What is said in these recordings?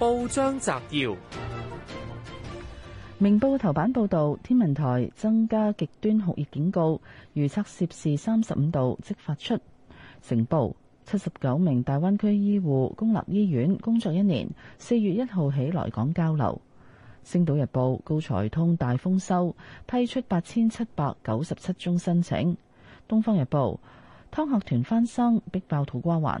報章摘要：明報頭版報道，天文台增加極端酷熱警告，預測攝氏三十五度即發出。成報：七十九名大灣區醫護公立醫院工作一年，四月一號起來港交流。星島日報：高才通大豐收，批出八千七百九十七宗申請。東方日報：湯客團翻生，逼爆土瓜灣。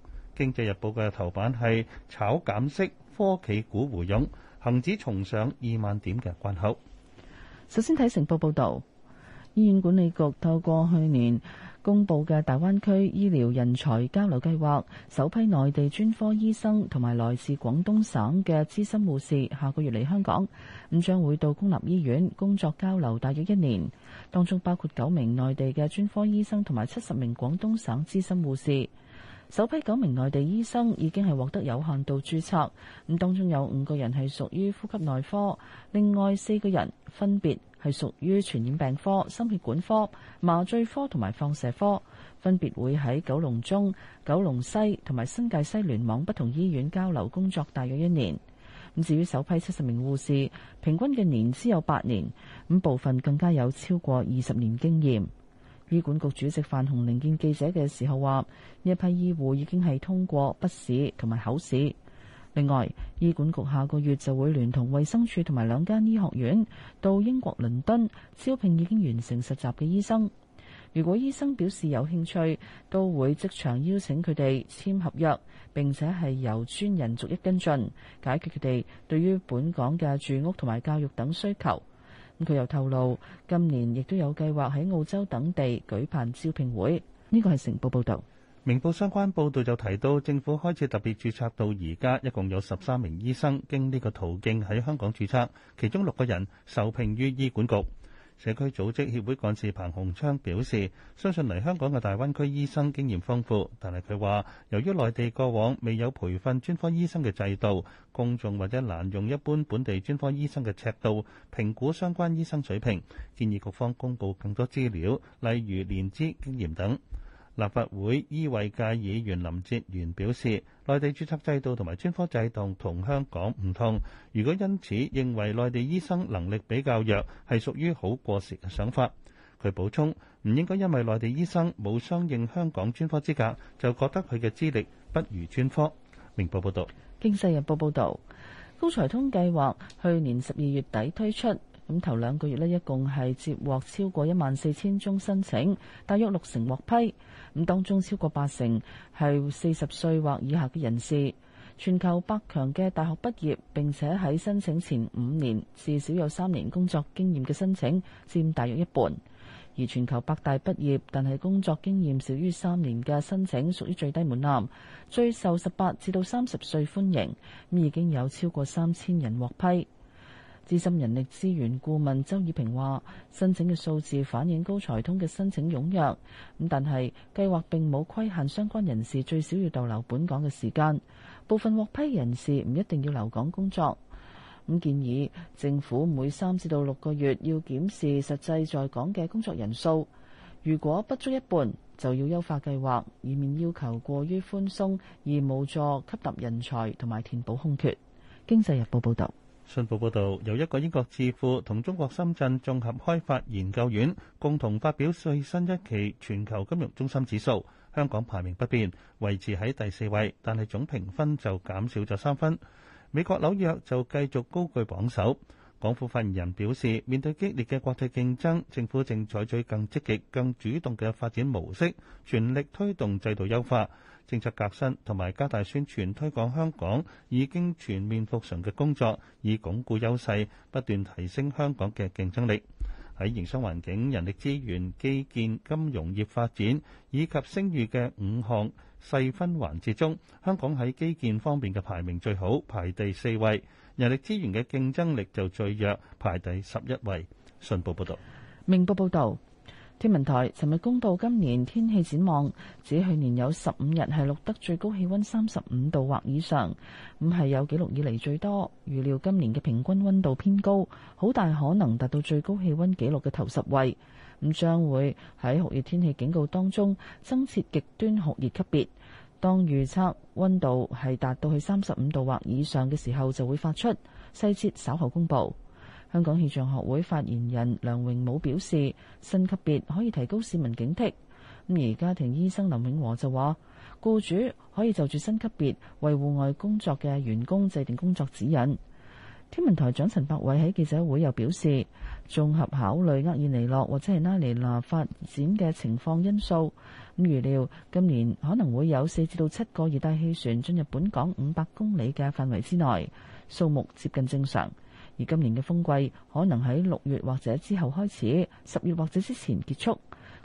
《經濟日報》嘅頭版係炒減息，科技股回勇，恒指重上二萬點嘅關口。首先睇成報報導，醫院管理局透過去年公布嘅大灣區醫療人才交流計劃，首批內地專科醫生同埋來自廣東省嘅資深護士下個月嚟香港，咁將會到公立醫院工作交流大約一年，當中包括九名內地嘅專科醫生同埋七十名廣東省資深護士。首批九名內地醫生已經係獲得有限度註冊，咁當中有五個人係屬於呼吸內科，另外四個人分別係屬於傳染病科、心血管科、麻醉科同埋放射科，分別會喺九龍中、九龍西同埋新界西聯網不同醫院交流工作大約一年。咁至於首批七十名護士，平均嘅年資有八年，咁部分更加有超過二十年經驗。醫管局主席范鴻齡見記者嘅時候話，呢一批醫護已經係通過筆試同埋口試。另外，醫管局下個月就會聯同衛生署同埋兩間醫學院到英國倫敦招聘已經完成實習嘅醫生。如果醫生表示有興趣，都會即場邀請佢哋簽合約，並且係由專人逐一跟進，解決佢哋對於本港嘅住屋同埋教育等需求。佢又透露，今年亦都有計劃喺澳洲等地舉辦招聘會，呢個係成報報道。明報相關報道就提到，政府開始特別註冊到而家一共有十三名醫生經呢個途徑喺香港註冊，其中六個人受聘於醫管局。社區組織協會幹事彭洪昌表示，相信嚟香港嘅大灣區醫生經驗豐富，但係佢話，由於內地過往未有培訓專科醫生嘅制度，公眾或者難用一般本地專科醫生嘅尺度評估相關醫生水平，建議局方公布更多資料，例如年資經驗等。立法會醫衞界議員林哲元表示，內地註冊制度同埋專科制度同香港唔同。如果因此認為內地醫生能力比較弱，係屬於好過時嘅想法。佢補充，唔應該因為內地醫生冇相應香港專科資格，就覺得佢嘅資歷不如專科。明報報導。《經濟日報》報導，高才通計劃去年十二月底推出，咁頭兩個月呢，一共係接獲超過一萬四千宗申請，大約六成獲批。咁當中超過八成係四十歲或以下嘅人士，全球百強嘅大學畢業並且喺申請前五年至少有三年工作經驗嘅申請佔大約一半，而全球百大畢業但係工作經驗少於三年嘅申請屬於最低門檻，最受十八至到三十歲歡迎，已經有超過三千人獲批。資深人力資源顧問周以平話，申請嘅數字反映高才通嘅申請踴躍，咁但係計劃並冇規限相關人士最少要逗留本港嘅時間，部分獲批人士唔一定要留港工作。咁建議政府每三至到六個月要檢視實際在港嘅工作人數，如果不足一半，就要優化計劃，以免要求過於寬鬆而無助吸納人才同埋填補空缺。經濟日報報道。信報報導，由一個英國智庫同中國深圳綜合開發研究院共同發表最新一期全球金融中心指數，香港排名不變，維持喺第四位，但係總評分就減少咗三分。美國紐約就繼續高居榜首。港府發言人表示，面對激烈嘅國際競爭，政府正採取更積極、更主動嘅發展模式，全力推動制度優化。政策革新同埋加大宣傳推廣香港已經全面復常嘅工作，以鞏固優勢，不斷提升香港嘅競爭力。喺營商環境、人力資源、基建、金融業發展以及聲譽嘅五項細分環節中，香港喺基建方面嘅排名最好，排第四位；人力資源嘅競爭力就最弱，排第十一位。信報報道，明報報道。天文台尋日公佈今年天氣展望，指去年有十五日係錄得最高氣温三十五度或以上，咁係有紀錄以嚟最多。預料今年嘅平均温度偏高，好大可能達到最高氣温紀錄嘅頭十位。咁將會喺酷熱天氣警告當中增設極端酷熱級別，當預測温度係達到去三十五度或以上嘅時候就會發出。細節稍後公佈。香港氣象學會發言人梁榮武表示，新級別可以提高市民警惕。而家庭醫生林永和就話，僱主可以就住新級別為戶外工作嘅員工制定工作指引。天文台長陳柏偉喺記者會又表示，綜合考慮厄爾尼諾或者係拉尼娜發展嘅情況因素，咁預料今年可能會有四至到七個熱帶氣旋進入本港五百公里嘅範圍之內，數目接近正常。而今年嘅風季可能喺六月或者之後開始，十月或者之前結束。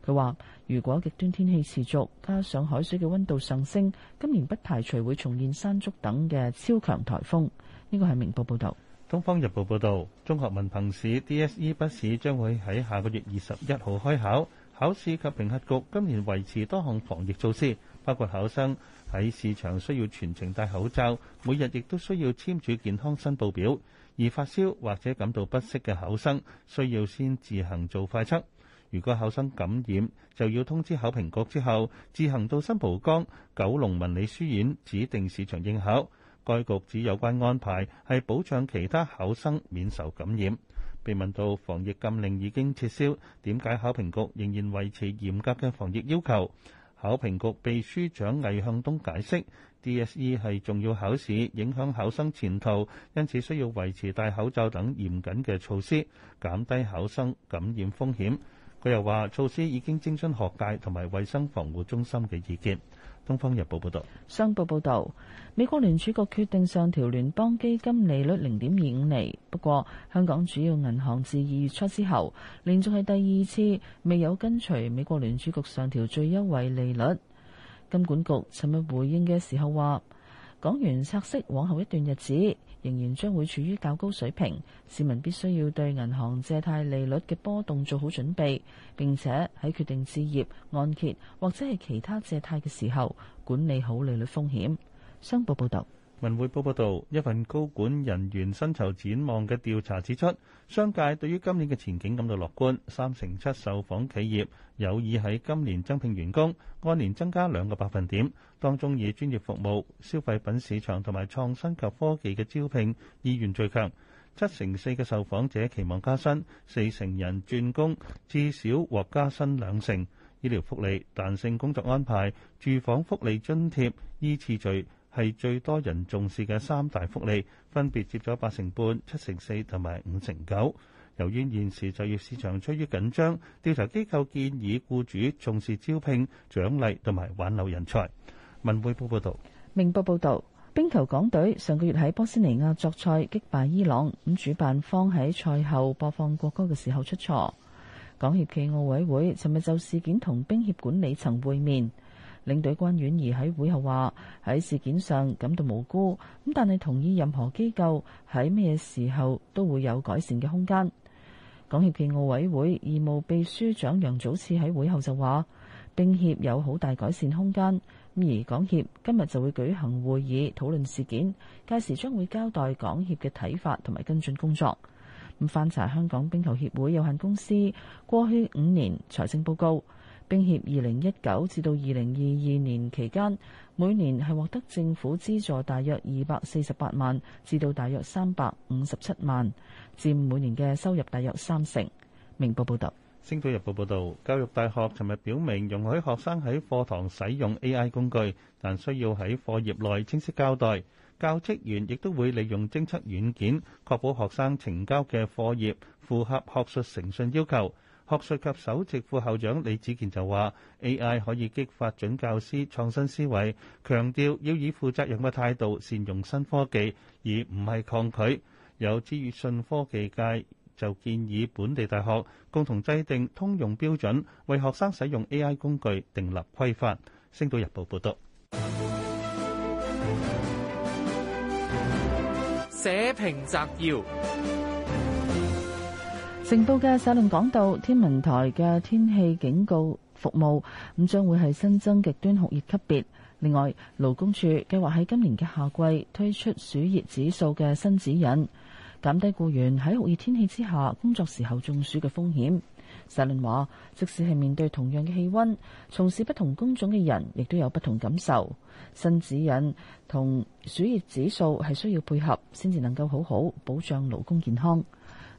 佢話：如果極端天氣持續，加上海水嘅溫度上升，今年不排除會重現山竹等嘅超強颱風。呢、這個係明報報導，《東方日報》報導，中學文憑試 DSE 筆試將會喺下個月二十一號開考，考試及評核局今年維持多項防疫措施。包括考生喺市場需要全程戴口罩，每日亦都需要簽署健康申報表。而發燒或者感到不適嘅考生，需要先自行做快測。如果考生感染，就要通知考評局之後自行到新蒲崗九龍文理書院指定市場應考。該局指有關安排係保障其他考生免受感染。被問到防疫禁令已經撤銷，點解考評局仍然維持嚴格嘅防疫要求？考評局秘書長魏向東解釋，DSE 係重要考試，影響考生前途，因此需要維持戴口罩等嚴謹嘅措施，減低考生感染風險。佢又話，措施已經徵詢學界同埋衛生防護中心嘅意見。《東方日報》報導，商報報導，美國聯儲局決定上調聯邦基金利率零點二五釐，不過香港主要銀行自二月初之後，連續係第二次未有跟隨美國聯儲局上調最優惠利率。金管局尋日回應嘅時候話，港元拆息往後一段日子，仍然將會處於較高水平，市民必須要對銀行借貸利率嘅波動做好準備，並且喺決定置業、按揭或者係其他借貸嘅時候，管理好利率風險。商報報道。文匯報報道，一份高管人員薪酬展望嘅調查指出，商界對於今年嘅前景感到樂觀。三成七受訪企業有意喺今年增聘員工，按年增加兩個百分點。當中以專業服務、消費品市場同埋創新及科技嘅招聘意願最強。七成四嘅受訪者期望加薪，四成人轉工至少獲加薪兩成。醫療福利、彈性工作安排、住房福利津貼依次序係最多人重視嘅三大福利，分別接咗八成半、七成四同埋五成九。由於現時就業市場趨於緊張，調查機構建議僱主重視招聘、獎勵同埋挽留人才。文匯報報道。明報報道，冰球港隊上個月喺波斯尼亞作賽擊敗伊朗，咁主辦方喺賽後播放國歌嘅時候出錯。港協暨奧委會尋日就事件同冰協管理層會面。領隊關婉怡喺會後話：喺事件上感到無辜，咁但係同意任何機構喺咩時候都會有改善嘅空間。港協暨奧委會義務秘書長楊祖賜喺會後就話：冰協有好大改善空間，而港協今日就會舉行會議討論事件，屆時將會交代港協嘅睇法同埋跟進工作。咁翻查香港冰球協會有限公司過去五年財政報告。冰協二零一九至到二零二二年期間，每年係獲得政府資助大約二百四十八萬至到大約三百五十七萬，佔每年嘅收入大約三成。明報報導。《星島日報》報道，教育大學尋日表明容許學生喺課堂使用 AI 工具，但需要喺課業內清晰交代。教職員亦都會利用偵測軟件確保學生呈交嘅課業符合學術誠信要求。學術及首席副校長李子健就話：A.I. 可以激發準教師創新思維，強調要以負責任嘅態度善用新科技，而唔係抗拒。有資訊科技界就建議本地大學共同制定通用標準，為學生使用 A.I. 工具訂立規範。星島日報報導。社評摘要。成報嘅社論講到天文台嘅天氣警告服務咁，將會係新增極端酷熱級別。另外勞工處計劃喺今年嘅夏季推出暑熱指數嘅新指引，減低僱員喺酷熱天氣之下工作時候中暑嘅風險。社論話，即使係面對同樣嘅氣溫，從事不同工種嘅人亦都有不同感受。新指引同暑熱指數係需要配合，先至能夠好好保障勞工健康。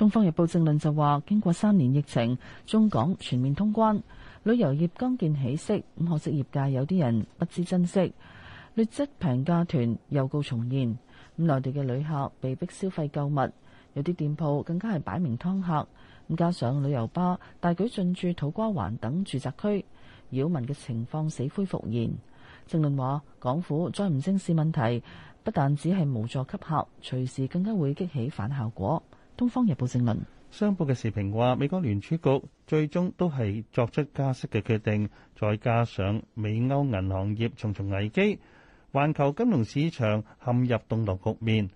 《東方日報》正論就話：經過三年疫情，中港全面通關，旅遊業剛見起色，咁可惜業界有啲人不知珍惜，劣質平價團又告重現，咁內地嘅旅客被逼消費購物，有啲店鋪更加係擺明湯客。加上旅遊巴大舉進駐土瓜灣等住宅區，擾民嘅情況死灰復燃。正論話：港府再唔正視問題，不但只係無助吸客，隨時更加會激起反效果。《東方日報》評論商報嘅時評話：美國聯儲局最終都係作出加息嘅決定，再加上美歐銀行業重重危機，環球金融市場陷入動盪局面。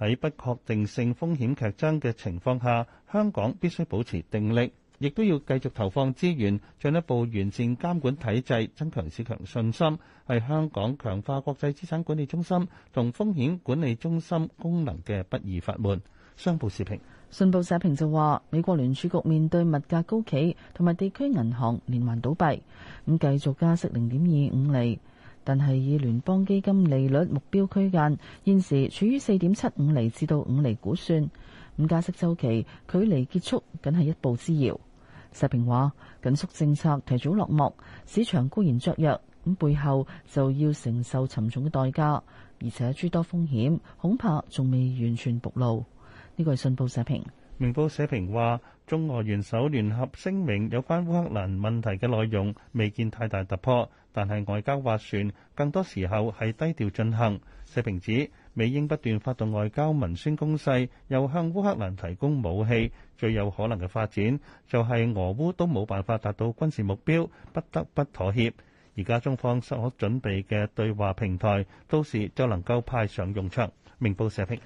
喺不確定性風險劇增嘅情況下，香港必須保持定力，亦都要繼續投放資源，進一步完善監管體制，增強市場信心，係香港強化國際資產管理中心同風險管理中心功能嘅不二法門。商報時評，信報社評就話：美國聯儲局面對物價高企同埋地區銀行連環倒閉，咁繼續加息零點二五厘，但係以聯邦基金利率目標區間現時處於四點七五厘至到五厘估算，咁加息周期距離結束僅係一步之遙。社評話緊縮政策提早落幕，市場固然雀躍咁，背後就要承受沉重嘅代價，而且諸多風險恐怕仲未完全暴露。呢個係信報社評，明報社評話，中俄元首聯合聲明有關烏克蘭問題嘅內容未見太大突破，但係外交斡旋更多時候係低調進行。社評指，美英不斷發動外交文宣攻勢，又向烏克蘭提供武器，最有可能嘅發展就係俄烏都冇辦法達到軍事目標，不得不妥協。而家中方所準備嘅對話平台，到時就能夠派上用場。明報社評。